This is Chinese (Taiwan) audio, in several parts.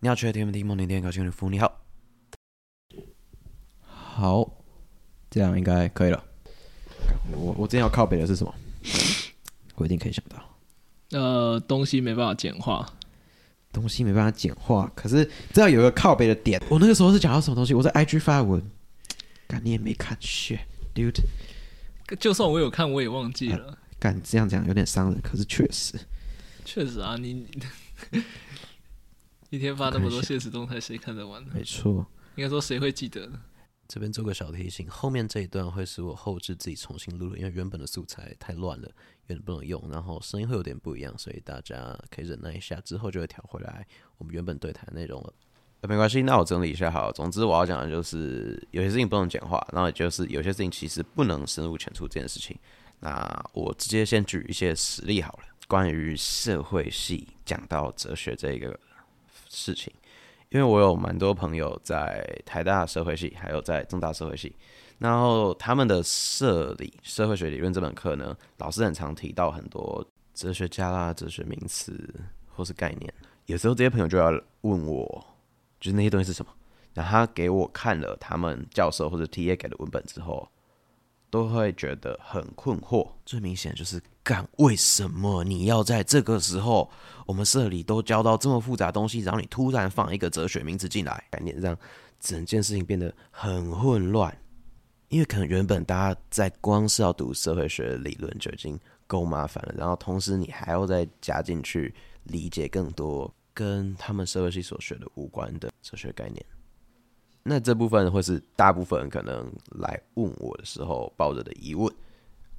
你好，親愛的 TMT 夢高興你好，好，這樣應該可以了。我我之前要靠北的是什麼？ 我一定可以想到。呃，東西沒辦法簡化，東西沒辦法簡化。可是這樣有個靠北的點。我那個時候是講到什麼東西？我在 IG 發文，幹，你也沒看 s dude。就算我有看，我也忘記了。幹、啊、這樣講有點傷人，可是確實，確實啊，你。你 一天發那麼多現實動態，誰看得完呢？沒錯，應該說誰會記得呢？這邊做個小提醒，後面這一段會是我後製自己重新錄的，因為原本的素材太亂了，有點不能用，然後聲音會有點不一樣，所以大家可以忍耐一下，之後就會調回來我們原本對談內容了。沒關係，那我整理一下好。總之我要講的就是有些事情不能簡化，然後就是有些事情其實不能深入淺出這件事情。那我直接先舉一些實例好了。關於社會系講到哲學這一個。事情，因為我有蠻多朋友在台大社會系，還有在政大社會系，然後他們的社理社會學理論這門課呢，老師很常提到很多哲學家啦、啊、哲學名詞或是概念，有時候這些朋友就要問我，就是那些東西是什麼，那他給我看了他們教授或者 T A 給的文本之後，都會覺得很困惑，最明顯就是。幹！為什麼你要在這個時候，我們社裡都教到這麼複雜的東西，然後你突然放一個哲學名詞進來，概念讓整件事情變得很混亂。因為可能原本大家在光是要讀社會學的理論就已經夠麻煩了，然後同時你還要再加進去理解更多跟他們社會系所學的無關的哲學概念。那這部分會是大部分人可能來問我的時候抱着的疑問。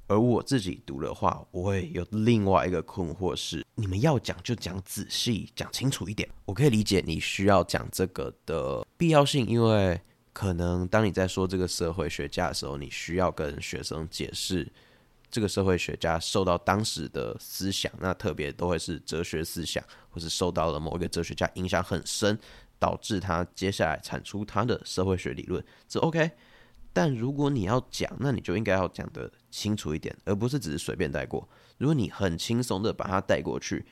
而我自己讀的話，我會有另外一個困惑是：你們要講就講仔細、講清楚一點。我可以理解你需要講這個的必要性，因為可能當你在說這個社會學家的時候，你需要跟學生解釋這個社會學家受到當時的思想，那特別都會是哲學思想，或是受到了某一個哲學家影響很深，導致他接下來產出他的社會學理論，這 OK。但如果你要講，那你就應該要講的。清楚一點，而不是只是隨便帶過。如果你很輕鬆的把它帶過去，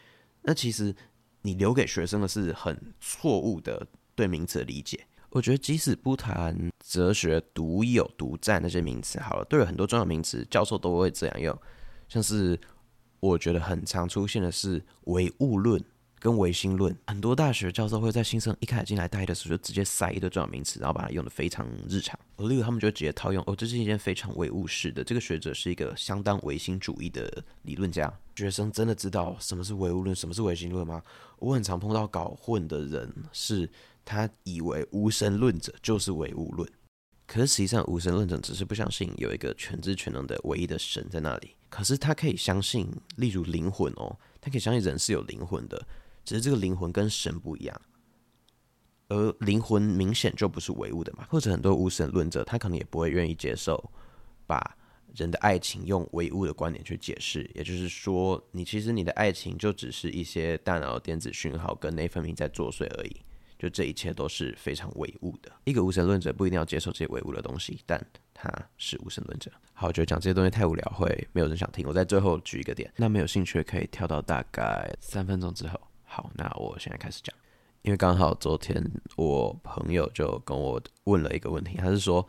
那其實你留給學生的是很錯誤的對名詞的理解。我覺得即使不談哲學獨有獨占那些名詞，好了，都有很多重要名詞，教授都會這樣用。像是我覺得很常出現的是唯物論。用唯心論，很多大學教授會在新生一開始進來大一的時候，就直接塞一堆重要名詞，然後把它用得非常日常。而例如，他們就直接套用哦，這是一件非常唯物式的。這個學者是一個相當唯心主義的理論家。學生真的知道什麼是唯物論，什麼是唯心論嗎？我很常碰到搞混的人，是他以為無神論者就是唯物論，可是實際上無神論者只是不相信有一個全知全能的唯一的神在那裡，可是他可以相信，例如靈魂哦、喔，他可以相信人是有靈魂的。只是這個靈魂跟神不一樣，而靈魂明顯就不是唯物的嘛。或者很多無神論者，他可能也不會願意接受把人的愛情用唯物的觀點去解釋。也就是說，你其實你的愛情就只是一些大腦電子訊號跟內分泌在作祟而已。就這一切都是非常唯物的。一個無神論者不一定要接受這些唯物的東西，但他是無神論者。好，就講這些東西太無聊，會沒有人想聽。我在最後舉一個點，那沒有興趣可以跳到大概三分鐘之後。好，那我現在開始講，因為剛好昨天我朋友就跟我問了一個問題，他是說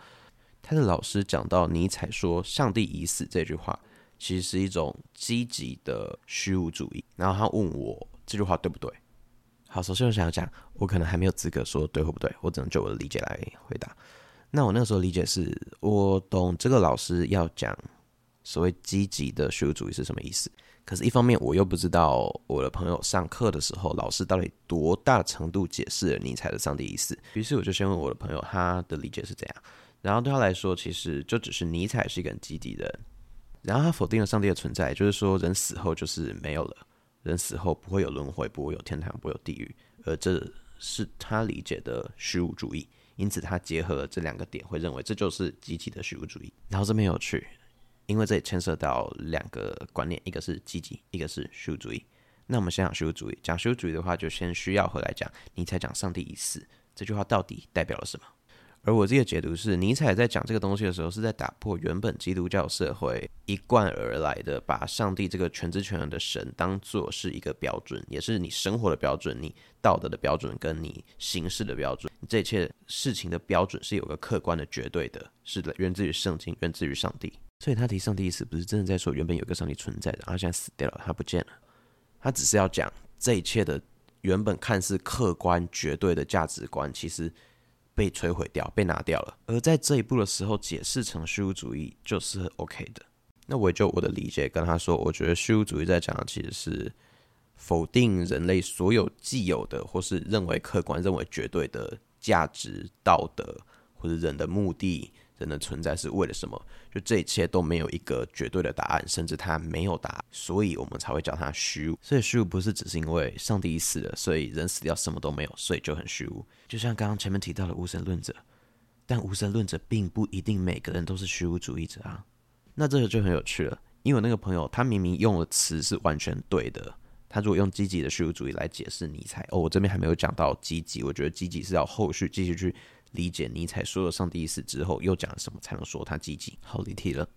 他的老師講到尼采說“上帝已死”這句話，其實是一種積極的虛無主義。然後他問我這句話對不對？好，首先我想要講，我可能還沒有資格說對或不對，我只能就我的理解來回答。那我那個時候理解是我懂這個老師要講所謂積極的虛無主義是什麼意思。可是，一方面我又不知道我的朋友上課的時候老師到底多大程度解釋了尼采的上帝意思，於是我就先問我的朋友，他的理解是怎樣。然後對他來說，其實就只是尼采是一個很積極的人，然後他否定了上帝的存在，就是說人死後就是沒有了，人死後不會有輪回，不會有天堂，不會有地獄，而這是他理解的虛無主義。因此，他結合了這兩個點，會認為這就是積極的虛無主義。然後這邊有趣。因為這也牽涉到兩個觀念，一個是積極，一個是虛無主義。那我們先講虛無主義。講虛無主義的話，就先需要回來講尼采講“上帝已死”這句話到底代表了什麼。而我這個解讀是，尼采在講這個東西的時候，是在打破原本基督教社會一貫而來的把上帝這個全知全能的神當做是一個標準，也是你生活的標準、你道德的標準、跟你行事的標準，這一切事情的標準是有個客觀的、絕對的，是源自於聖經、源自於上帝。所以，他提上帝意思不是真的在說，原本有個上帝存在的，然後現在死掉了，他不見了。他只是要講這一切的原本看似客觀絕對的價值觀，其實被摧毀掉，被拿掉了。而在這一步的時候，解釋成虛無主義就是 OK 的。那我也就我的理解跟他說，我覺得虛無主義在講的其實是否定人類所有既有的或是認為客觀、認為絕對的價值、道德或者人的目的。人的存在是為了什麼？就這一切都沒有一個絕對的答案，甚至他沒有答案，所以我們才會叫他虛無。所以虛無不是只是因為上帝死了，所以人死掉什麼都沒有，所以就很虛無。就像剛剛前面提到的無神論者，但無神論者並不一定每個人都是虛無主義者啊。那這個就很有趣了，因為我那個朋友他明明用的詞是完全對的，他如果用積極的虛無主義來解釋尼采，哦，我這邊還沒有講到積極，我覺得積極是要後續繼續去。理解尼采說了上帝已死之後，又講了什麼，才能說他積極？好離題了。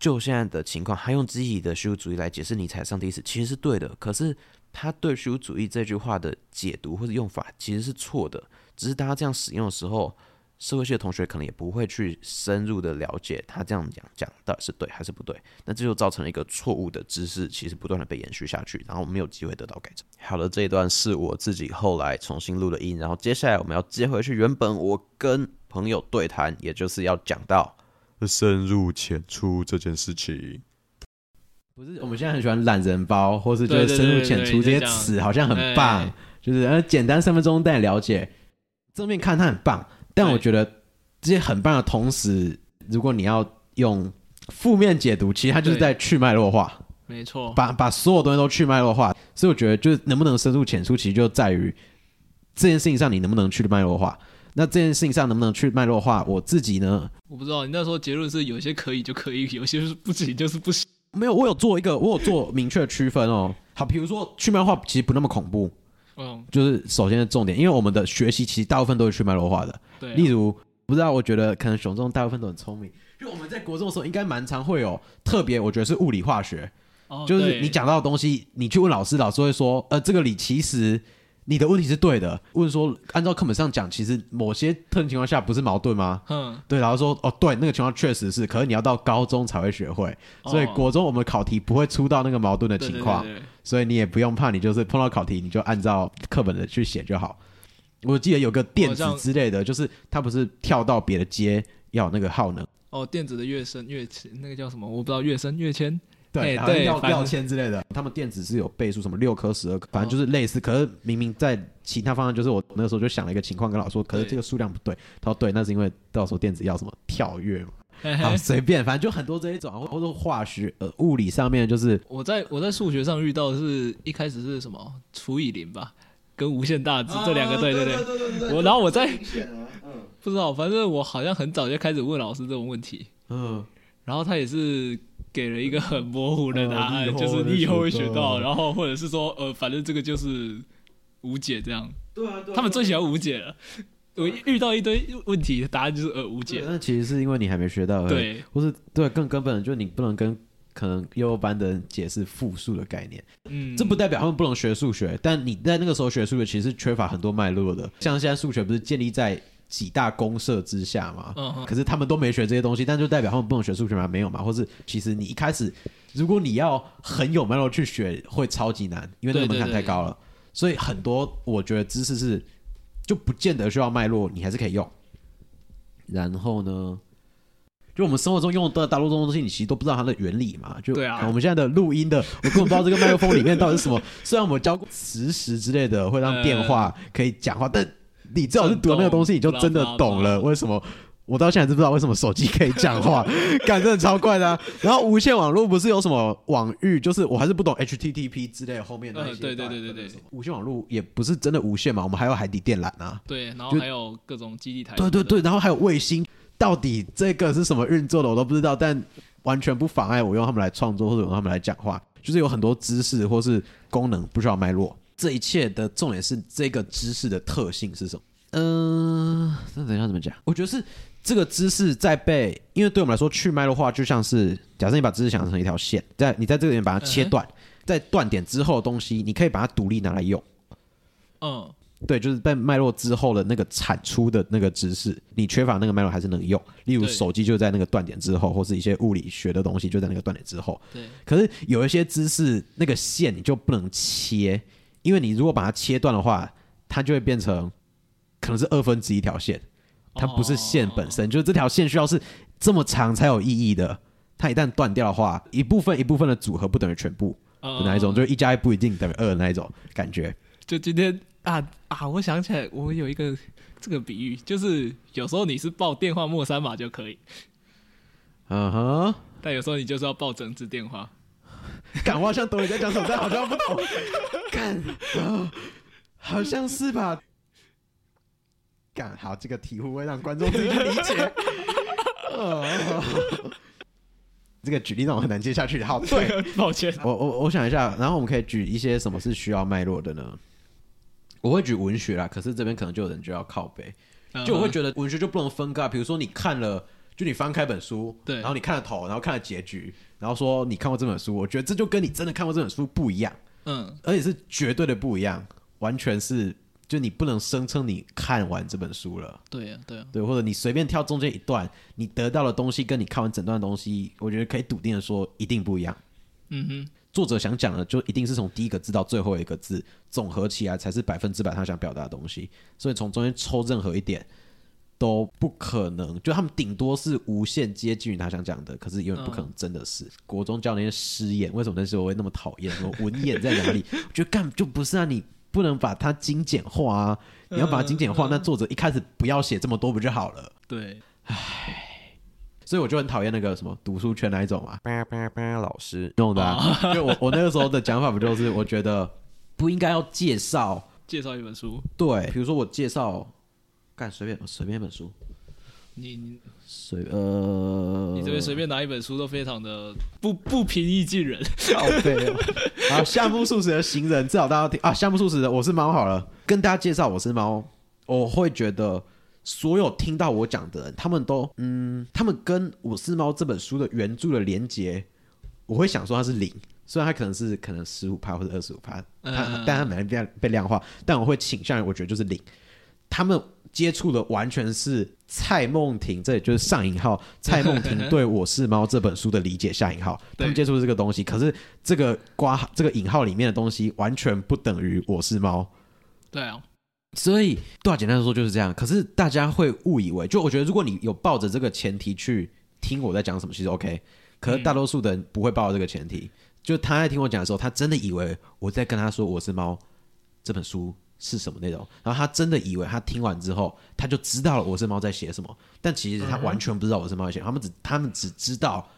就現在的情況，他用自己的虛無主義來解釋尼采上帝已死，其實是對的。可是他對虛無主義這句話的解讀或者用法其實是錯的，只是大家這樣使用的時候。社會系的同學可能也不會去深入的了解他這樣講，講到底是對還是不對，那這就造成了一個錯誤的知識，其實不斷的被延續下去，然後沒有機會得到改正。好了，這一段是我自己後來重新錄的音，然後接下來我們要接回去。原本我跟朋友對談，也就是要講到深入淺出這件事情，不是我們現在很喜歡懶人包，或是就是深入淺出這些詞，好像很棒，對對對對對對，就，就是呃簡單三分鐘帶你了解，正面看它很棒。但我覺得這些很棒的同時，如果你要用負面解讀，其實它就是在去脈絡化。沒錯，把把所有東西都去脈絡化，所以我覺得就是能不能深入淺出，其實就在於這件事情上你能不能去脈絡化。那這件事情上能不能去脈絡化，我自己呢？我不知道，你那時候結論是有些可以就可以，有些是不行就是不行。沒有，我有做一個，我有做明確的區分哦、喔。 好，比如說去脈絡化其實不那麼恐怖。嗯，就是首先的重點，因為我們的學習其實大部分都是去脈絡化的。對、哦，例如不知道，我覺得可能雄中大部分都很聰明，因為我們在國中的時候應該蠻常會有特別，我覺得是物理化學，哦、就是你講到的東西，你去問老師，老師會說，呃，這個理其實。你的問題是對的，問說按照課本上講，其實某些特定情況下不是矛盾嗎？嗯，對，然後說哦，對，那個情況確實是，可是你要到高中才會學會，哦、所以國中我們考題不會出到那個矛盾的情況，對對對對對，所以你也不用怕，你就是碰到考題你就按照課本的去寫就好。我記得有個電子之類的，就是它不是跳到別的階要那個耗能，哦，電子的躍升躍遷，那個叫什麼？我不知道，躍升躍遷。對、欸，對，要料籤之類的，他們電子是有倍數，什麼六顆、十二顆，反正就是類似、哦。可是明明在其他方向，就是我那時候就想了一個情況跟老師說，可是這個數量不對。對他說：“對，那是因為到時候電子要什麼跳躍嘛，隨便，反正就很多這一種，或者說化學、呃、物理上面就是……我在我在數學上遇到的是一開始是什麼除以零吧，跟無限大值、啊、這兩個、啊，對對對對對對。我然後我在、啊嗯、不知道，反正我好像很早就開始問老師這種問題，嗯，然後他也是。”給了一個很模糊的答案，呃、就是你以後會學，學到，然後或者是說，呃，反正這個就是無解這樣。對啊，對啊，他們最喜歡無解了。我、啊、 遇到一堆問題，答案就是呃無解。那其實是因為你還沒學到而已，對，或是對更根本的，就是你不能跟可能幼，幼兒班的人解釋複數的概念。嗯，這不代表他們不能學數學，但你在那個時候學數學，其實是缺乏很多脈絡的。像現在數學不是建立在。幾大公社之下嘛、嗯，可是他們都沒學這些東西，但就代表他們不能學數學嗎？沒有嘛，或是其實你一開始，如果你要很有脈絡去學，會超級難，因為那個門檻太高了，對對對對。所以很多我覺得知識是就不見得需要脈絡，你還是可以用。然後呢，就我們生活中用的大多數東西，你其實都不知道它的原理嘛。就對啊、嗯，我們現在的錄音的，我根本不知道這個麥克風裡面到底是什麼。 雖然我們教過磁石之類的會讓電話、嗯嗯、可以講話，但。你最好是讀了那個東西，你就真的懂了。為什麼我到現在都不知道為什麼手機可以講話？感覺很超怪的啊。然後無線網絡不是有什麼網域，就是我還是不懂 HTTP 之類的後面的那些。對對對對對，無線網絡也不是真的無線嘛，我們還有海底電纜啊。對，對，然後還有各種基地台。對對對，然後還有衛星，到底這個是什麼運作的我都不知道，但完全不妨礙我用他們來創作或者用他們來講話，就是有很多知識或是功能不需要脈絡。這一切的重點是這個知識的特性是什麼？嗯、呃，那等一下怎麼講？我覺得是這個知識在被，因為對我們來說去脈絡化就像是，假設你把知識想成一條線，在你在這個裡面把它切斷，uh-huh. 在斷點之後的東西，你可以把它獨立拿來用。嗯、uh-huh.，對，就是被脈絡之後的那個產出的那個知識，你缺乏那個脈絡還是能用。例如手機就在那個斷點之後，或是一些物理學的東西就在那個斷點之後。對，可是有一些知識那個線你就不能切。因為你如果把它切斷的話，它就會變成可能是二分之一條線，它不是線本身，哦哦、就是這條線需要是這麼長才有意義的。它一旦斷掉的話，一部分一部分的組合不等於全部，那、嗯、一種就是一加一不一定等於二的那一種感覺。就今天啊啊，我想起來，我有一個這個比喻，就是有時候你是報電話末三碼就可以，嗯哼，但有時候你就是要報整支電話。講話像懂你在講什麼，但好像不懂。幹、 哦，好像是吧？幹好，這個題會不會讓觀眾自己理解、 哦哦哦？這個舉例讓我很難接下去。好，對，對抱歉。我我，我想一下，然後我們可以舉一些什麼是需要脈絡的呢？我會舉文學啦，可是這邊可能就有人就要靠北，嗯嗯，就我會覺得文學就不能分割。比如說，你看了。就你翻開本書，對，然後你看了頭，然後看了結局，然後說你看過這本書，我覺得這就跟你真的看過這本書不一樣，嗯，而且是絕對的不一樣，完全是就你不能聲稱你看完這本書了，對呀、啊，對啊，對，或者你隨便挑中間一段，你得到的東西跟你看完整段的東西，我覺得可以篤定的說一定不一樣，嗯哼，作者想講的就一定是從第一個字到最後一個字總和起來才是百分之百他想表達的東西，所以從中間抽任何一點。都不可能，就他們頂多是無限接近於他想講的，可是因為不可能真的是、嗯、國中教那些詩眼。為什麼那時候會那麼討厭？什麼文眼在哪裡？ 我覺得幹就不是啊！你不能把它精簡化啊！嗯、你要把它精簡化、嗯，那作者一開始不要寫這麼多不就好了？對，唉，所以我就很討厭那個什麼讀書圈那一種嘛、啊、呃呃呃呃，老師懂的、啊。就、哦、我我那個時候的講法，不就是我覺得不應該要介紹 介紹一本書？對，比如說我介紹。干隨便隨便一本書，你你隨呃，你這邊隨便拿一本書都非常的不不平易近人。 好，啊，相目數的行人，至少大家聽啊，相目數十的我是貓好了，跟大家介紹我是貓。我會覺得所有聽到我講的人，他們都嗯，他們跟《我是貓》這本書的原著的連接，我會想說它是零，雖然它可能是可能十五趴或者二十五趴，但它沒被被量化，但我會傾向於我覺得就是零。他們接觸的完全是蔡夢婷，這就是上引號，呵呵蔡夢婷對我是貓這本書的理解，下引號，他們接觸這個東西。可是這個瓜，這個引號裡面的東西完全不等於我是貓。對啊、哦，所以多少簡單的說就是這樣。可是大家會誤以為，就我覺得如果你有抱着這個前提去聽我在講什麼，其實 OK。可是大多數的人不會抱這個前提、嗯，就他在聽我講的時候，他真的以為我在跟他說我是貓這本書是什麼內容？然後他真的以為他聽完之後，他就知道了我是貓在寫什麼。但其實他完全不知道我是貓在寫、嗯嗯，他們只他們只知道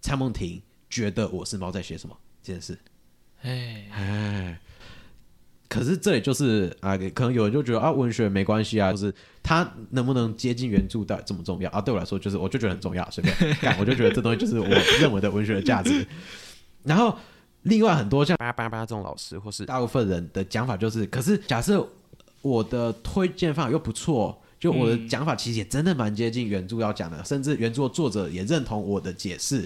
蔡夢婷覺得我是貓在寫什麼這件事。可是這裡就是啊，可能有人就覺得啊，文學沒關係啊，就是他能不能接近原著到底這麼重要啊？對我來說，就是我就覺得很重要，隨便 幹，我就覺得這東西就是我認為的文學的價值。 然後。另外很多像巴拉巴拉巴拉這種老師，或是大部分人的講法，就是，可是假設我的推薦方法又不錯，就我的講法其實也真的蠻接近原著要講的，甚至原著的作者也認同我的解釋。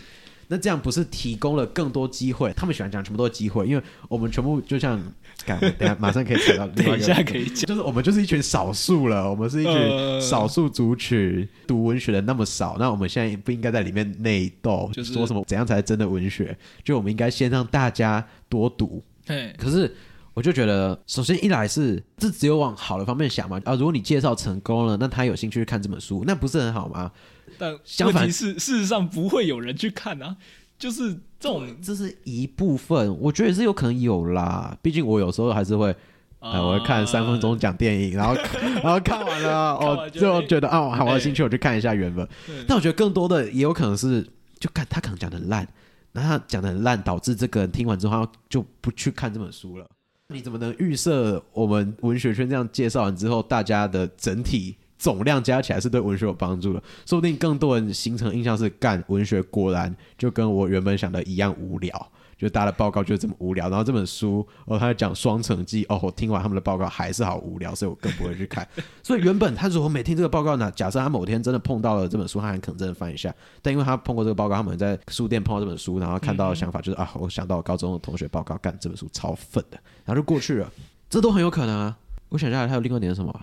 那這樣不是提供了更多機會？他們喜歡講全部都是機會，因為我們全部就像趕等下馬上可以踩到、那個， 等一下可以講，就是我們就是一群少數了，我們是一群少數族群、呃，讀文學的那麼少，那我們現在不應該在裡面內鬥，就是說什麼怎樣才真的文學？就我們應該先讓大家多讀。對，可是我就覺得，首先一來是這只有往好的方面想嘛啊，如果你介紹成功了，那他有興趣去看這本書，那不是很好嗎？但相反，事事實上不會有人去看啊。就是這種，這是一部分，我覺得也是有可能有啦。畢竟我有時候還是會，哎、呃，我會看三分鐘講電影，呃、然後 然後看完了，最後、喔、覺得、欸、啊，我還有興趣，我去看一下原文、欸。但我覺得更多的也有可能是，就看他可能講的爛，然後他講的很爛，導致這個人聽完之後就不去看這本書了。嗯、你怎麼能預設我們文學圈這樣介紹完之後，大家的整體？總量加起來是對文學有幫助的，說不定更多人形成的印象是幹，文學果然就跟我原本想的一樣無聊，就大家的報告就這麼無聊，然後這本書哦，他在講雙城記哦，我聽完他們的報告還是好無聊，所以我更不會去看。 所以原本他如果沒聽這個報告呢，假設他某天真的碰到了這本書，他還可能真的翻一下。但因為他碰過這個報告，他們在書店碰到這本書，然後看到的想法就是嗯嗯啊，我想到高中的同學報告幹，這本書超糞的，然後就過去了，這都很有可能啊。我想下來還有另外一點是什麼？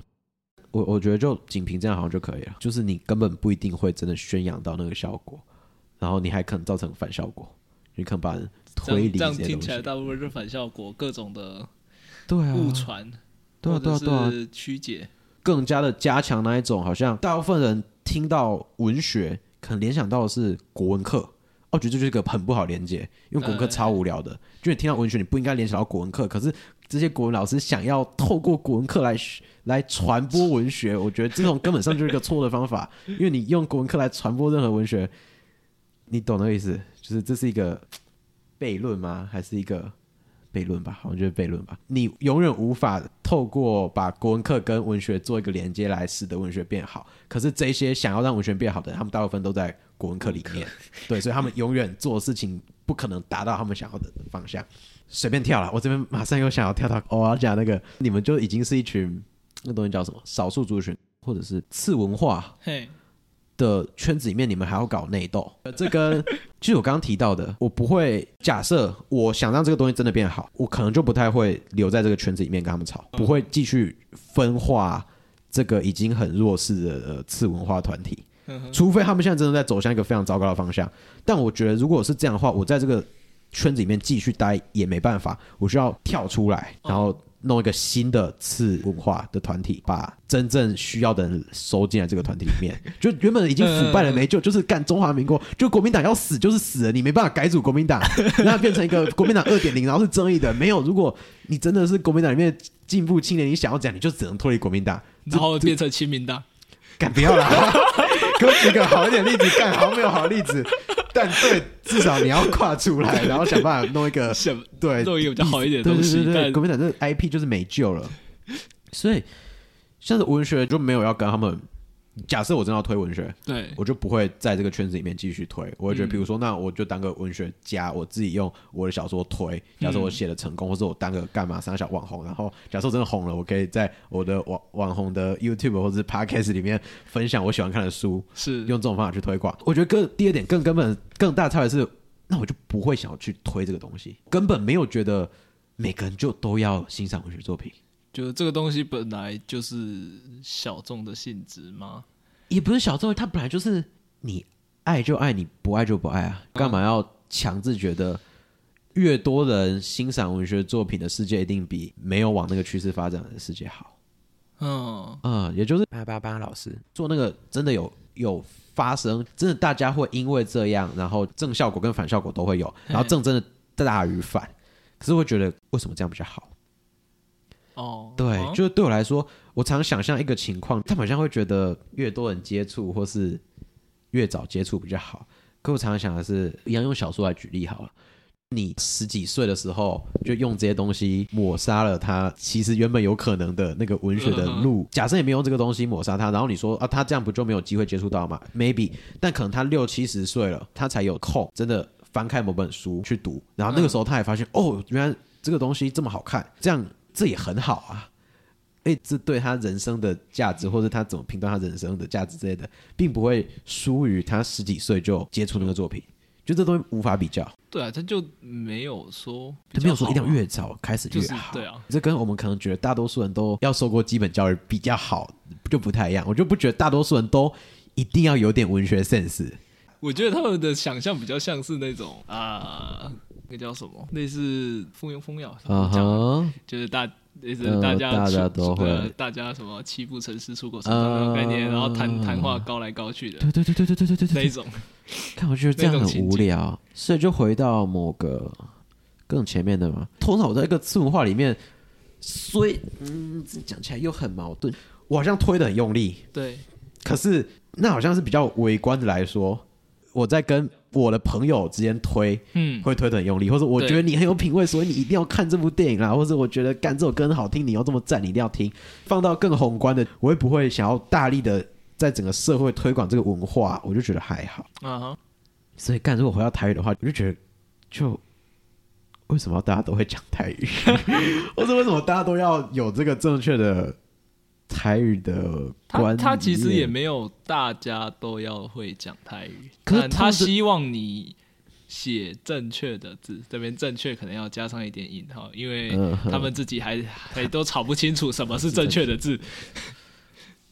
我我覺得就僅憑這樣好像就可以了，就是你根本不一定會真的宣揚到那個效果，然後你還可能造成反效果，你可能把人推理這，這，樣這樣聽起來大部分是反效果，各種的對誤傳，對啊對啊對啊，對啊，對啊曲解，更加的加強那一種好像大部分人聽到文學可能聯想到的是國文課，我覺得這就是一個很不好聯結，因為國文課超無聊的，就、呃、你聽到文學你不應該聯想到國文課，可是。這些國文老師想要透過國文課來來傳播文學，我覺得這種根本上就是一個錯的方法， 因為你用國文課來傳播任何文學，你懂那個意思？就是這是一個悖論嗎？還是一個悖論吧？我覺得悖論吧。你永遠無法透過把國文課跟文學做一個連接來使得文學變好。可是這些想要讓文學變好的，他們大部分都在國文課裡面，對， 所以他們永遠做事情不可能達到他們想要的方向。隨便跳了，我這邊馬上又想要跳到我要講那個，你們就已經是一群，那東西叫什麼？少數族群，或者是次文化的圈子裡面，你們還要搞內鬥，呃，這跟其實我剛剛提到的，我不會假設，我想讓這個東西真的變好，我可能就不太會留在這個圈子裡面跟他們吵，不會繼續分化這個已經很弱勢的次文化團體，除非他們現在真的在走向一個非常糟糕的方向。但我覺得如果是這樣的話，我在這個。圈子裡面繼續待也沒辦法，我需要跳出來，然後弄一個新的次文化的團體，把真正需要的人收進來這個團體裡面。就原本已經腐敗了、呃、沒救，就是幹中華民國，就國民黨要死就是死了，你沒辦法改組國民黨，讓它變成一個國民黨二點零，然後是正義的。沒有，如果你真的是國民黨裡面進步青年，你想要怎樣，你就只能脫離國民黨，然後變成親民黨。幹不要啦，給我舉個好一點例子幹，好沒有好例子。但對，至少你要跨出來， 然後想辦法弄一個什麼對，弄一個比較好一點的東西對，對，對，對，對，國民黨這個、IP 就是沒救了，所以像是文學就沒有要跟他們。假設我真的要推文學，對，我就不會在這個圈子裡面繼續推。我會覺得，比如說、嗯，那我就當個文學家，我自己用我的小說推。假設我寫的成功，嗯、或者我當個幹嘛，三小網紅。然後，假設真的紅了，我可以在我的網網紅的 YouTube 或者是 Podcast 裡面分享我喜歡看的書，是用這種方法去推廣。我覺得跟第二點更根本、更大的差別的是，那我就不會想要去推這個東西，根本沒有覺得每個人就都要欣賞文學作品，就這個東西本來就是小眾的性質嗎？也不是小眾，它本來就是你愛就愛，你不愛就不愛啊！幹嘛要強制覺得越多人欣賞文學作品的世界，一定比沒有往那個趨勢發展的世界好？嗯，嗯，也就是巴巴巴老師做那個，真的有有發生，真的大家會因為這樣，然後正效果跟反效果都會有，然後正真的大於反。可是我會覺得為什麼這樣比較好？哦，對，哦、就是對我來說。我常想象一個情況，他好像會覺得越多人接觸或是越早接觸比較好。可我常常想的是，一樣用小說來舉例好了。你十幾歲的時候就用這些東西抹殺了他，其實原本有可能的那個文學的路。Uh -huh. 假設也沒用這個東西抹殺他，然後你說啊，他這樣不就沒有機會接觸到嗎？Maybe，但可能他六七十歲了，他才有空真的翻開某本書去讀，然後那個時候他也發現，uh -huh. 哦，原來這個東西這麼好看，這樣這也很好啊。所以，這對他人生的價值，或者他怎麼評斷他人生的價值之類的，並不會輸於他十幾歲就接觸那個作品，就這東西無法比較。對啊，他就沒有說，他沒有說一定要越早開始越好，就是。對啊，這跟我們可能覺得大多數人都要受過基本教育比較好，就不太一樣。我就不覺得大多數人都一定要有點文學 sense。我覺得他們的想象比較像是那種啊、呃，那叫什麼？類似瘋言瘋語啊，uh -huh. 就是大。是、呃、大，大家都會，大家什麼七步成詩出口什麼的概念，呃、然後談談、呃、話高來高去的，對對對對對對對，對，對那種，看我覺得這樣很無聊，所以就回到某個更前面的嘛。通常我在一個次文化裡面，雖、嗯、講起來又很矛盾，我好像推得很用力，對，可是那好像是比較微觀的來說。我在跟我的朋友之間推，嗯，會推得很用力，或者我覺得你很有品味，所以你一定要看這部電影啊，或者我覺得幹這首歌好聽，你要這麼贊，你一定要聽。放到更宏觀的，我也不會想要大力的在整個社會推廣這個文化，我就覺得還好。啊、uh-huh.，所以干如果回到台語的話，我就覺得，就為什麼大家都會講台語， 或者為什麼大家都要有這個正確的？台語的觀，他他其實也沒有大家都要會講台語，可能他，他希望你寫正確的字，這邊正確可能要加上一點引號，因為他們自己還、嗯、還都吵不清楚什麼是正確的字。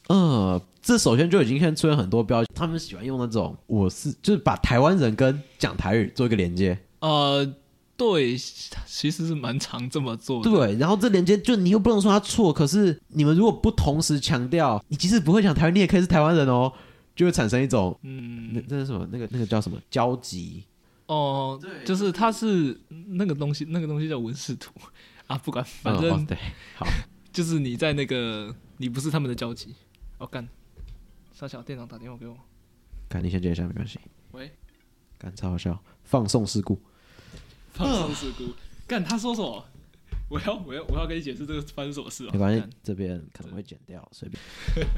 呃、嗯嗯，這首先就已經先出現很多標語，他們喜歡用那種我是就是把台灣人跟講台語做一個連接，呃。對，其實是蠻常這麼做的。對，然後這連接就你又不能說他錯，可是你們如果不同時強調，你即使不會講台灣，你也可以是台灣人哦，就會產生一種，嗯，那那是什麼？那個那個叫什麼？交集？哦，對，就是它是那個東西，那個東西叫文氏圖啊。不管，反正、那個哦、對好， 就是你在那個你不是他們的交集。哦，幹，超搞笑，店長打電話給我，幹，你先接一下，沒關係。喂，幹，超好笑，放送事故。發幹、呃、他說什麼？我要我要我要跟你解釋這個繁瑣事。沒關係，這邊可能會剪掉，隨便。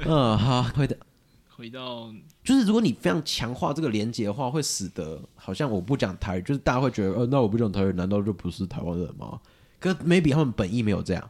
嗯，好，會的。回到，就是如果你非常強化這個連接的話，會使得好像我不講台語，就是大家會覺得，呃，那我不講台語，難道就不是台灣人嗎？可是 maybe 他們本意沒有這樣。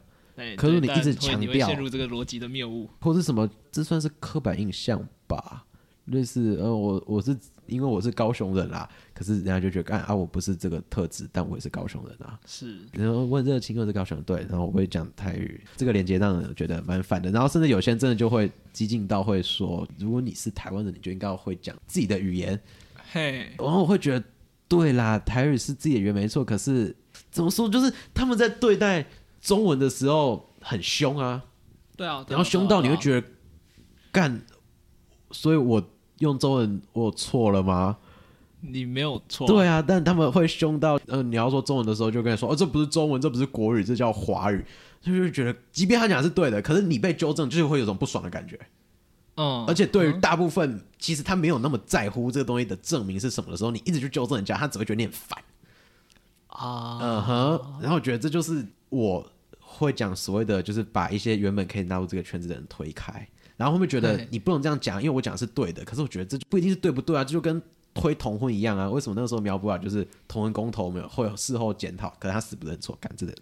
可是你一直強調，陷入這個邏輯的謬誤，或是什麼？這算是刻板印象吧？類似呃，我我是因為我是高雄人啦，可是人家就覺得，啊，我不是這個特質，但我也是高雄人啊。是，然後問熱情又是高雄，對，然後我會講台語，這個連接讓人覺得蠻煩的。然後甚至有些人真的就會激進到會說，如果你是台灣人，你就應該會講自己的語言。嘿、hey，然後我會覺得，對啦，台語是自己的語言沒錯，可是怎麼說，就是他們在對待中文的時候很兇啊，啊。對啊，然後兇到你會覺得幹、啊啊啊，所以我。用中文我有錯了嗎？你沒有錯，對啊，但他們會凶到，嗯、呃，你要說中文的時候，就跟你說，哦，這不是中文，這不是國語，這叫華語，他就會覺得，即便他講的是對的，可是你被糾正，就是會有種不爽的感覺，嗯，而且對於大部分、嗯，其實他沒有那麼在乎這個東西的證明是什麼的時候，你一直去糾正人家，他只會覺得你很煩啊，嗯哼，然後我覺得這就是我會講所謂的，就是把一些原本可以納入這個圈子的人推開。然後後面覺得你不能這樣講，因為我講的是對的，可是我覺得這就不一定是對不對啊，就跟推同婚一樣啊。為什麼那個時候苗博雅，就是同婚公投沒有，會有事後檢討，可是他死不認錯，幹這個，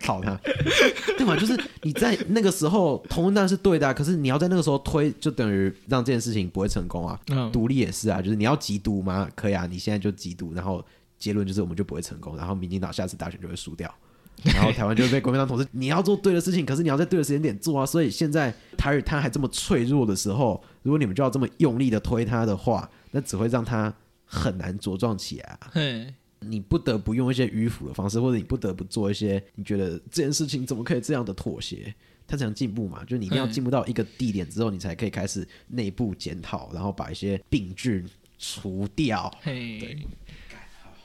操他！ 對嘛？就是你在那個時候同婚當然是對的、啊，可是你要在那個時候推，就等於讓這件事情不會成功啊。嗯、獨立也是啊，就是你要極獨嘛，可以啊，你現在就極獨，然後結論就是我們就不會成功，然後民進黨下次大選就會輸掉。 然後台灣就會被國民黨統治。你要做對的事情，可是你要在對的時間點做啊。所以現在台語他還這麼脆弱的時候，如果你們就要這麼用力的推他的話，那只會讓他很難茁壯起來。嘿，你不得不用一些迂腐的方式，或者你不得不做一些你覺得這件事情怎麼可以這樣的妥協。它想進步嘛，就是你一定要進步到一個地點之後，你才可以開始內部檢討，然後把一些病菌除掉。對。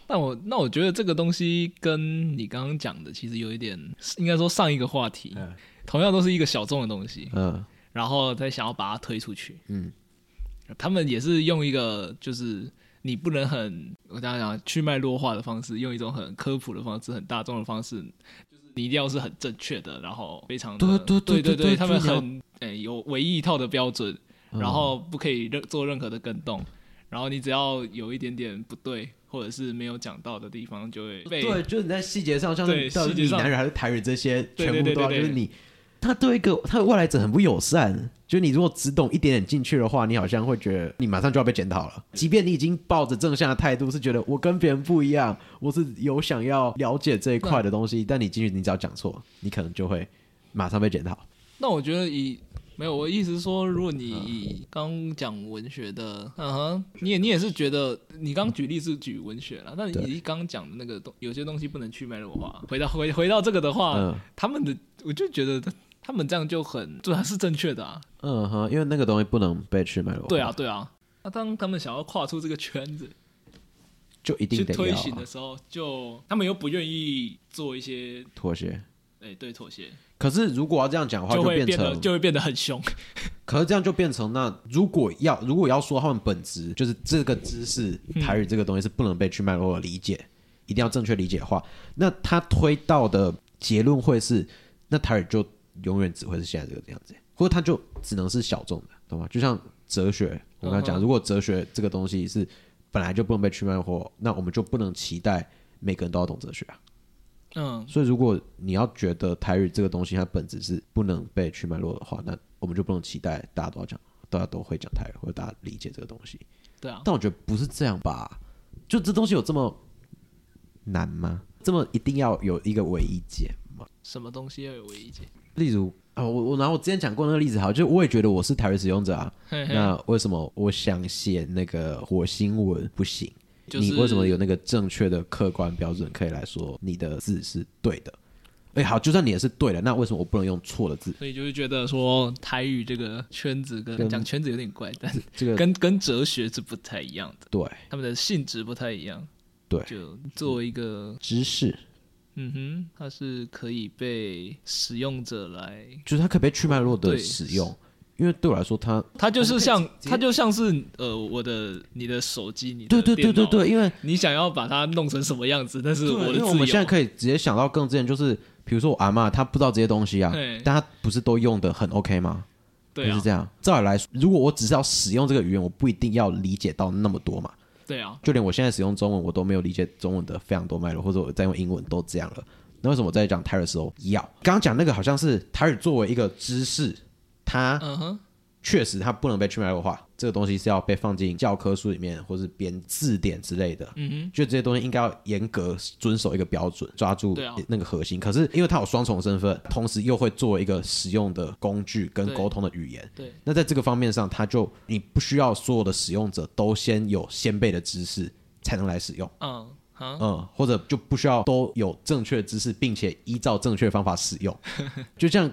那我那我覺得這個東西跟你剛剛講的其實有一點，應該說上一個話題，哎，同樣都是一個小眾的東西，嗯，然後在想要把它推出去，嗯，他們也是用一個就是你不能很，我剛剛講去脈絡化的方式，用一種很科普的方式，很大眾的方式，就是，你一定要是很正確的，然後非常對對對對，對，對，對，對，對，他們很有唯一一套的標準，然後不可以任，嗯、做任何的更動。然後你只要有一點點不對，或者是沒有講到的地方，就會被對，就是你在細節上，像是到底南語還是台語這些，全部都要、啊。就是你。他對一個他的外來者很不友善，就是你如果只懂一點點進去的話，你好像會覺得你馬上就要被檢討了。即便你已經抱着正向的態度，是覺得我跟別人不一樣，我是有想要了解這一塊的東西，但你進去，你只要講錯，你可能就會馬上被檢討。那我覺得以。沒有，我意思是說，如果你剛講文學的，嗯哼、嗯嗯，你也你也是覺得你剛舉例是舉文學了，那、嗯、你剛講的那個東有些東西不能去脈絡化。回到回回到這個的話，嗯、他們的我就覺得他們這樣就很，當然是正確的啊，嗯哼，因為那個東西不能被去脈絡化。對啊對啊，那、啊、當他們想要跨出這個圈子，就一定得推行的時候，啊、就他們又不願意做一些妥協。欸、對，妥協。可是如果要這樣講的話就，就會變得就會變得很凶。 可是這樣就變成那如果要如果要說他們本質就是這個知識、嗯，台語這個東西是不能被去脈絡理解、嗯，一定要正確理解的話，那他推到的結論會是，那台語就永遠只會是現在這個這樣子，或者他就只能是小眾的，懂嗎？就像哲學，我剛講、哦哦，如果哲學這個東西是本來就不能被去脈絡，那我們就不能期待每個人都要懂哲學啊。嗯，所以如果你要覺得台語這個東西它本質是不能被去脈絡的話，那我們就不能期待大家都要講，大家都會講台語，或者大家理解這個東西。對啊，但我覺得不是這樣吧？就這東西有這麼難嗎？這麼一定要有一個唯一解嗎？什麼東西要有唯一解？例如啊，我我拿我之前講過那個例子，好，就我也覺得我是台語使用者啊，嘿嘿那為什麼我想寫那個火星文不行？就是、你為什麼有那個正確的客觀標準可以來說你的字是對的？哎、欸，好，就算你也是對的，那為什麼我不能用錯的字？所以就是覺得說台語這個圈子跟講圈子有點怪，但這個跟跟哲學是不太一樣的，對，他們的性質不太一樣，對，就作為一個知識，嗯哼，它是可以被使用者來，就是它可以被去脈絡的使用。因為對我來說它，它它就是像它，它就像是呃，我的你的手機，你的對，對對對對對，因為你想要把它弄成什麼樣子，但是、啊、我的因為我們現在可以直接想到更自然，就是比如說我阿嬤她不知道這些東西啊，對，但她不是都用得很 OK 嗎？對、啊，是這樣。照理來說，如果我只是要使用這個語言，我不一定要理解到那麼多嘛。對啊，就連我現在使用中文，我都沒有理解中文的非常多脈絡，或者我在用英、英文都這樣了。那為什麼我在講台語的時候要剛剛講那個？好像是台語作為一個知識。它、uh -huh. 確實，它不能被去脈絡化。這個東西是要被放進教科書裡面，或者是編字典之類的。嗯哼，就這些東西應該要嚴格遵守一個標準，抓住、啊、那個核心。可是因為它有雙重身份，同時又會做一個使用的工具跟溝通的語言對。對，那在這個方面上，它就你不需要所有的使用者都先有先輩的知識才能來使用。嗯、uh -huh.，嗯，或者就不需要都有正確的知識，並且依照正確的方法使用。 就像。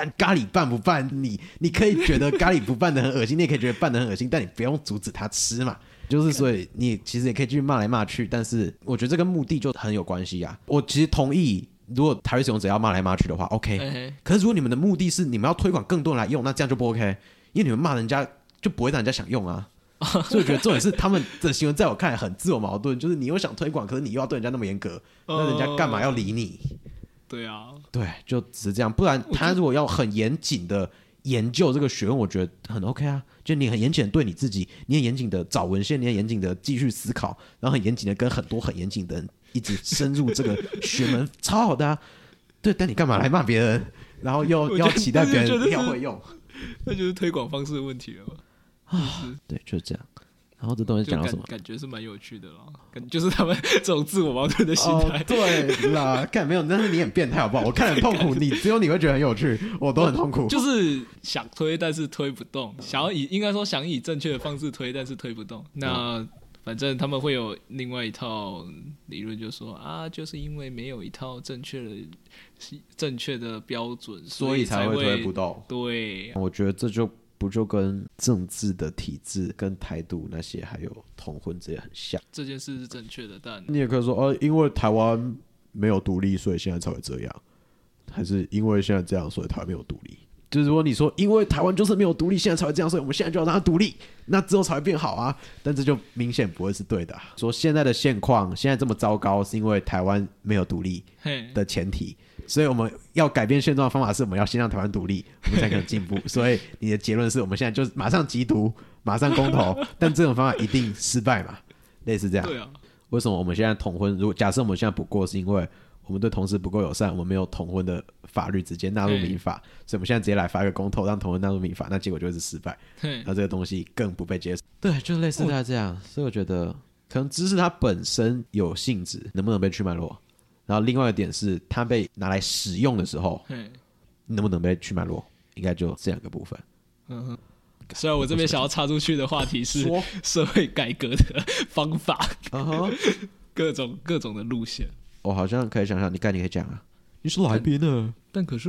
幹咖喱拌不拌你？你可以覺得咖喱不拌的很惡心，你也可以覺得拌的很惡心，但你不用阻止他吃嘛。就是所以，你其實也可以繼續罵來罵去。但是，我覺得這個目的就很有關係啊。我其實同意，如果台灣使用者要罵來罵去的話，OK。可是，如果你們的目的是你們要推廣更多人來用，那這樣就不 OK，因為你們罵人家就不會讓人家想用啊。所以，我覺得重點是他們的行為在我看來很自我矛盾，就是你又想推廣，可是你又要對人家那麼嚴格，那人家幹嘛要理你？對啊，對，就只是這樣。不然他如果要很嚴謹的研究這個學問，我覺得很 OK 啊。就你很嚴謹的對你自己，你很嚴謹的找文獻，你很嚴謹的繼續思考，然後很嚴謹的跟很多很嚴謹的人一直深入這個學問， 超好的啊。對，但你幹嘛來罵別人？然後又要期待別人一定會用，那就是推廣方式的問題了嘛，就是。啊，對，就這樣。然後這東西講什麼感？感覺是蠻有趣的咯，感覺就是他們這種自我矛盾的心態。哦、對啦， 看沒有，但是你很變態，好不好？我看很痛苦，就是、你只有你會覺得很有趣，我都很痛苦、哦。就是想推，但是推不動；想要以，應該說想以正確的方式推，但是推不動。那反正他們會有另外一套理論，就說啊，就是因為沒有一套正確的、正確的標準，所以才會，所以才會推不到。對，我覺得這就。就跟政治的體制、跟台獨那些，還有同婚這些很像。這件事是正確的，但你也可以說，哦、呃，因為台灣沒有獨立，所以現在才會這樣；還是因為現在這樣，所以台灣沒有獨立？就是說，你說因為台灣就是沒有獨立，現在才會這樣，所以我們現在就要讓它獨立，那之後才會變好啊？但這就明顯不會是對的。說現在的現況，現在這麼糟糕，是因為台灣沒有獨立的前提。所以我們要改變現狀的方法是，我們要先讓台灣獨立，我們才可能進步。 所以你的結論是我們現在就是馬上急獨，馬上公投， 但這種方法一定失敗嘛，類似這樣。對啊。為什麼我們現在同婚，如果假設我們現在不過是因為我們對同事不夠友善，我們沒有同婚的法律直接納入民法，所以我們現在直接來發一個公投，讓同婚納入民法，那結果就是失敗。對。那這個東西更不被接受。對，就類似他這樣。所以我覺得可能知識它本身有性質，能不能被去脈絡？然後另外一點是，它被拿來使用的時候，能不能被去脈絡？應該就這兩個部分。嗯哼。雖然我這邊想要插出去的話題是社會改革的方法，嗯、各種各種的路線。我、哦、好像可以想想，你該你可以講啊，你是來賓的、啊？但可是，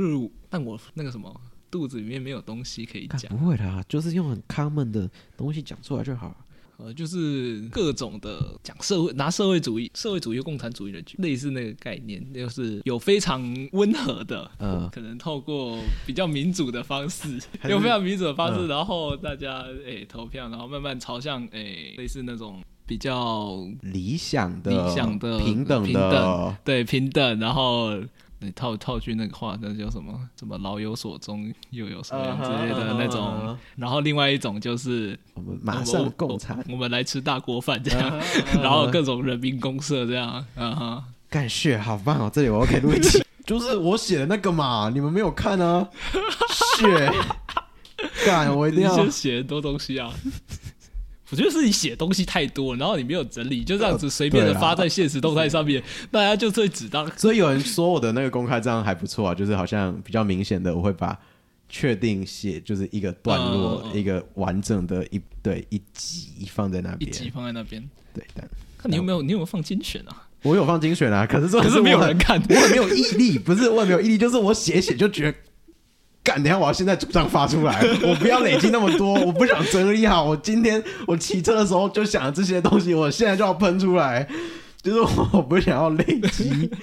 但我那個什麼，肚子裡面沒有東西可以講。不會的、啊，就是用很 common 的東西講出來就好。呃，就是各種的講社會，拿社會主義、社會主義、共產主義的類似那個概念，就是有非常溫和的，嗯、呃，可能透過比較民主的方式，用非常民主的方式，呃、然後大家誒、欸、投票，然後慢慢朝向誒、欸、類似那種比較理想的、理想的、平等的平等、平等對平等，然後。你套套句那個話，那叫什麼？什麼老有所終，又有什麼樣之類的 uh -huh, uh -huh. 那種。然後另外一種就是我們馬上共產，我們,我我我們來吃大鍋飯這樣。Uh -huh, uh -huh. 然後各種人民公社這樣。啊、uh、干 -huh. 血，好棒哦！這裡我要給錄一期， 就是我寫的那個嘛，你們沒有看呢、啊。 血干， 我一定要寫很多東西啊。我覺得是你寫東西太多了，然後你沒有整理，就這樣子隨便的發在現實動態上面，呃、 大家就只知道。所以有人說我的那個公開賬還不錯，啊，就是好像比較明顯的，我會把確定寫就是一個段落，呃呃呃一個完整的一，對，一集放在那邊，一集放在那邊。對，但看你有沒有，你有沒有放精選啊？我有放精選啊，可是，說是可是沒有人看，我也沒有毅力， 不是我也沒有毅力，就是我寫寫就覺得。 幹！等下我要現在主張發出來，我不要累積那麼多， 我不想整理好，我今天我騎車的時候就想這些東西，我現在就要噴出來，就是我不想要累積。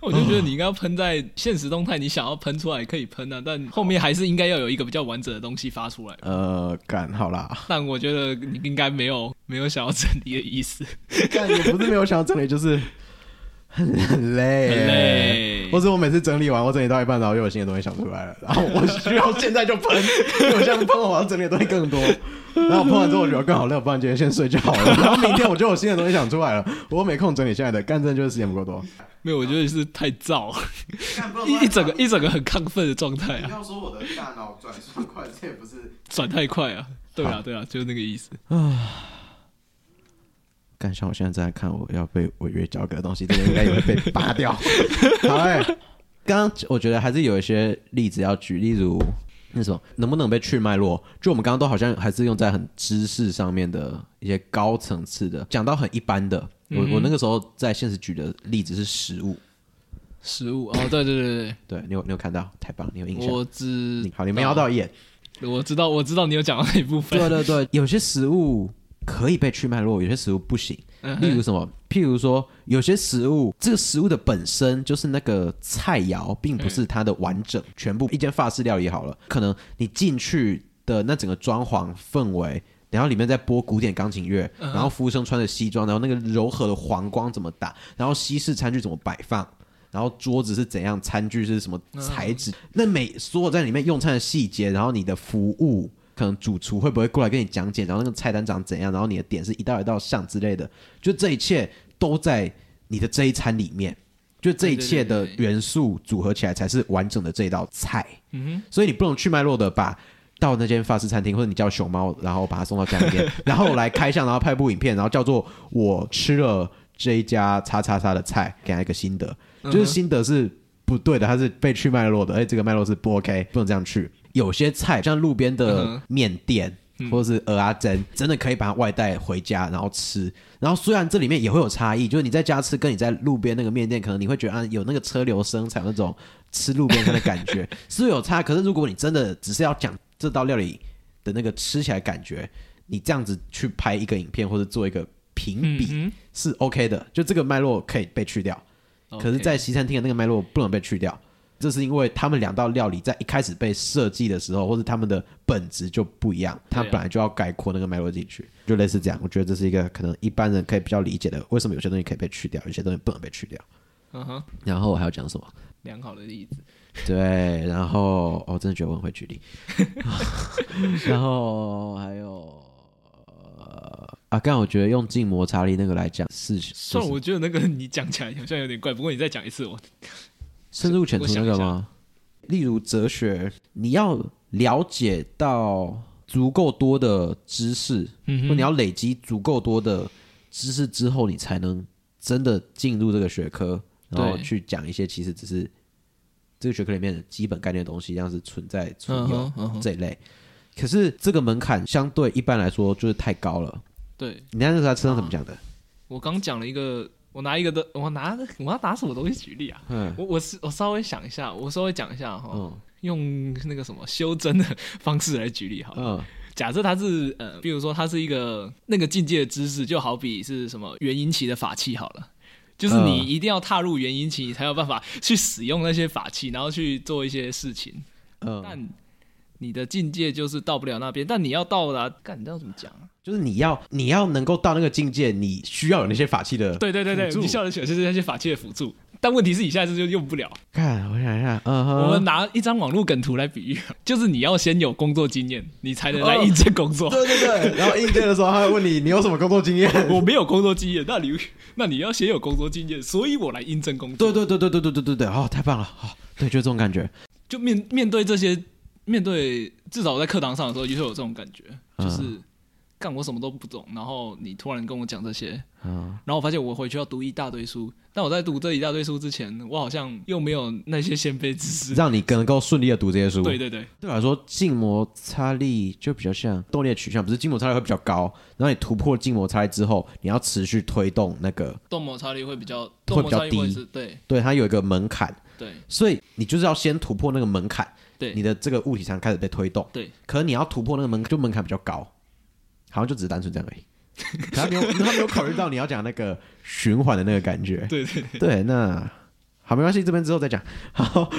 我就覺得你應該要噴在限時動態，你想要噴出來可以噴啊，但後面還是應該要有一個比較完整的東西發出來。呃，幹，好啦。但我覺得你應該沒有沒有想要整理的意思，但 也不是沒有想要整理，就是。很累，欸、很累，或是我每次整理完，我整理到一半，然後又有新的東西想出來了，然後我需要現在就噴， 因為我這樣噴我要整理的東西更多。然後噴完之後我覺得更好了，不然今天先睡覺了。 然後明天我就有新的東西想出來了， 我沒空整理下來的，幹真的就是時間不夠多。沒有，我覺得是太燥， 一整個一整個很亢奮的狀態啊！不要說我的大腦轉速快，這也不是轉太快啊。對啊，對啊，就是那個意思啊。但像我現在在看，我要被違約交割的東西，這個應該也會被拔掉 好、欸。好，哎，剛剛我覺得還是有一些例子要舉，例如那什麼能不能被去脈絡？就我們剛剛都好像還是用在很知識上面的一些高層次的，講到很一般的。我、嗯、我那個時候在現實舉的例子是食物，食物哦，對對對對，對，你有你有看到，太棒了，你有印象。我知你好你沒瞄到一眼，我知道我知道你有講到哪一部分，對對對，有些食物。可以被去脈絡，如果有些食物不行，嗯。例如什麼？譬如說，有些食物，這個食物的本身就是那個菜餚，並不是它的完整、嗯、全部。一間法式料理好了，可能你進去的那整個裝潢氛圍，然後裡面在播古典鋼琴樂，然後服務生穿着西裝，然後那個柔和的黃光怎麼打，然後西式餐具怎麼擺放，然後桌子是怎樣，餐具是什麼材質，嗯、那每所有在裡面用餐的細節，然後你的服務。可能主廚會不會過來跟你講解？然後那個菜單長怎樣？然後你的點是一道一道上之類的，就這一切都在你的這一餐裡面。就這一切的元素組合起來才是完整的這一道菜。嗯哼。所以你不能去脈絡的把到那間法式餐廳，或者你叫熊貓，然後把它送到家裡面， 然後來開箱，然後拍部影片，然後叫做我吃了這一家叉叉叉的菜，給他一個心得、嗯。就是心得是不對的，它是被去脈絡的，而且這個脈絡是不 OK，不能這樣去。有些菜像路邊的麵店，uh -huh. 或者是蚵仔煎，真的可以把它外帶回家然後吃。然後雖然這裡面也會有差異，就是你在家吃跟你在路邊那個麵店，可能你會覺得、啊、有那個車流聲才有那種吃路邊的感覺，是 不是有差？可是如果你真的只是要講這道料理的那個吃起來感覺，你這樣子去拍一個影片或者做一個評比、mm -hmm. 是 OK 的，就這個脈絡可以被去掉。Okay. 可是，在西餐廳的那個脈絡不能被去掉。這是因為他們兩道料理在一開始被設計的時候，或者他們的本質就不一樣，他本來就要概括那個脈絡進去，就類似這樣。我覺得這是一個可能一般人可以比較理解的，為什麼有些東西可以被去掉，有些東西不能被去掉。Uh-huh. 然後我還要講什麼？良好的例子。對，然後我、哦、真的覺得我很會舉例。 然後還有、呃、啊，剛才我覺得用靜摩擦力那個來講是算了、就是，我覺得那個你講起來好像有點怪，不過你再講一次我。深入淺出那個嗎？例如哲學，你要了解到足夠多的知識，嗯，或你要累積足夠多的知識之後，你才能真的進入這個學科，然後去講一些其實只是這個學科裡面的基本概念的東西，這樣是存在存、存、嗯、在、嗯、這一類。可是這個門檻相對一般來說就是太高了。對，你看那個他車上怎麼講的？啊，我剛講了一個。我拿一個的，我拿，我要拿什麼東西舉例啊？我我是我稍微想一下，我稍微講一下哈、哦，用那個什麼修真的方式來舉例好了。哦、假設它是呃，比如說它是一個那個境界的知識，就好比是什麼元嬰期的法器好了，就是你一定要踏入元嬰期，你才有辦法去使用那些法器，然後去做一些事情。嗯、哦，但。你的境界，就是到不了那邊，但你要到達，幹，你知道怎麼講、啊，就是你要你要能夠到那個境界，你需要有那些法器的。對對對對，你需要的其實就是那些法器的輔助。但問題是，你下次就用不了。看，我想一下、嗯哼，我們拿一張網絡梗圖來比喻，就是你要先有工作經驗，你才能來應徵工作、嗯。對對對，然後應徵的時候，他會問你你有什麼工作經驗， 我沒有工作經驗，那你那你要先有工作經驗，所以我來應徵工作。對對對對對對對對對，哦，太棒了，好、哦，對，就這種感覺，就面面對這些。面對，至少我在課堂上的時候，就會有這種感覺、嗯，就是，幹我什麼都不懂，然後你突然跟我講這些、嗯，然後我發現我回去要讀一大堆書，但我在讀這一大堆書之前，我好像又沒有那些先備知識，讓你更能夠順利的讀這些書、嗯。對對對，對我來說，靜摩擦力就比較像動力的取向，可是靜摩擦力會比較高，然後你突破靜摩擦力之後，你要持續推動那個動摩擦力會比較會比較低，對，對，它有一個門檻，對，所以你就是要先突破那個門檻。對，你的這個物體上開始被推動。對，可你要突破那個門，就門檻比較高，好像就只是單純這樣而已。他沒有， 他沒有考慮到你要講那個循環的那個感覺。對對對，對那好，沒關係，這邊之後再講。好，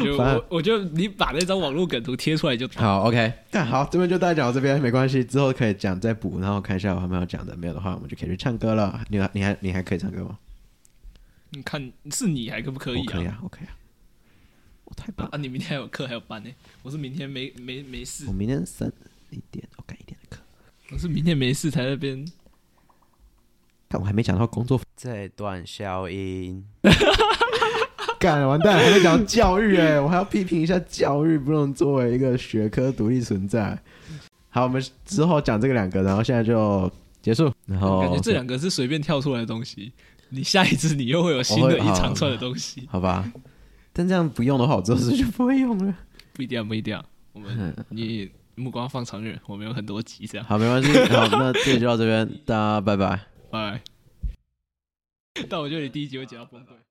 我就你把那張網絡梗圖貼出來就好，好。OK，那、啊、好，這邊就大家講到這邊，沒關係，之後可以講再補。然後看一下我還沒有講的，沒有的話，我們就可以去唱歌了。你你還你還可以唱歌嗎？你看是你還可不可以、啊？可以啊，OK 啊。我太棒啊！你明天還有課還有班呢？我是明天沒沒沒事。我明天三一點我改、OK, 一點的課。我是明天沒事才在那邊。但我還沒講到工作。這段消音。幹 完蛋了，還在講教育哎， 我還要批評一下教育不能作為一個學科獨立存在。好，我們之後講這個兩個，然後現在就結束。然後感覺這兩個是隨便跳出來的東西。你下一次你又會有新的一長串的東西，好，好吧？好吧但這樣不用的話，我這次就不會用了不。不一定啊，不一定啊。我們你目光放長遠，我們有很多集這樣。 好，沒關係。好，那這就到這邊， 大家拜拜，拜、拜。 但我覺得你第一集會講到崩潰。啊拜拜。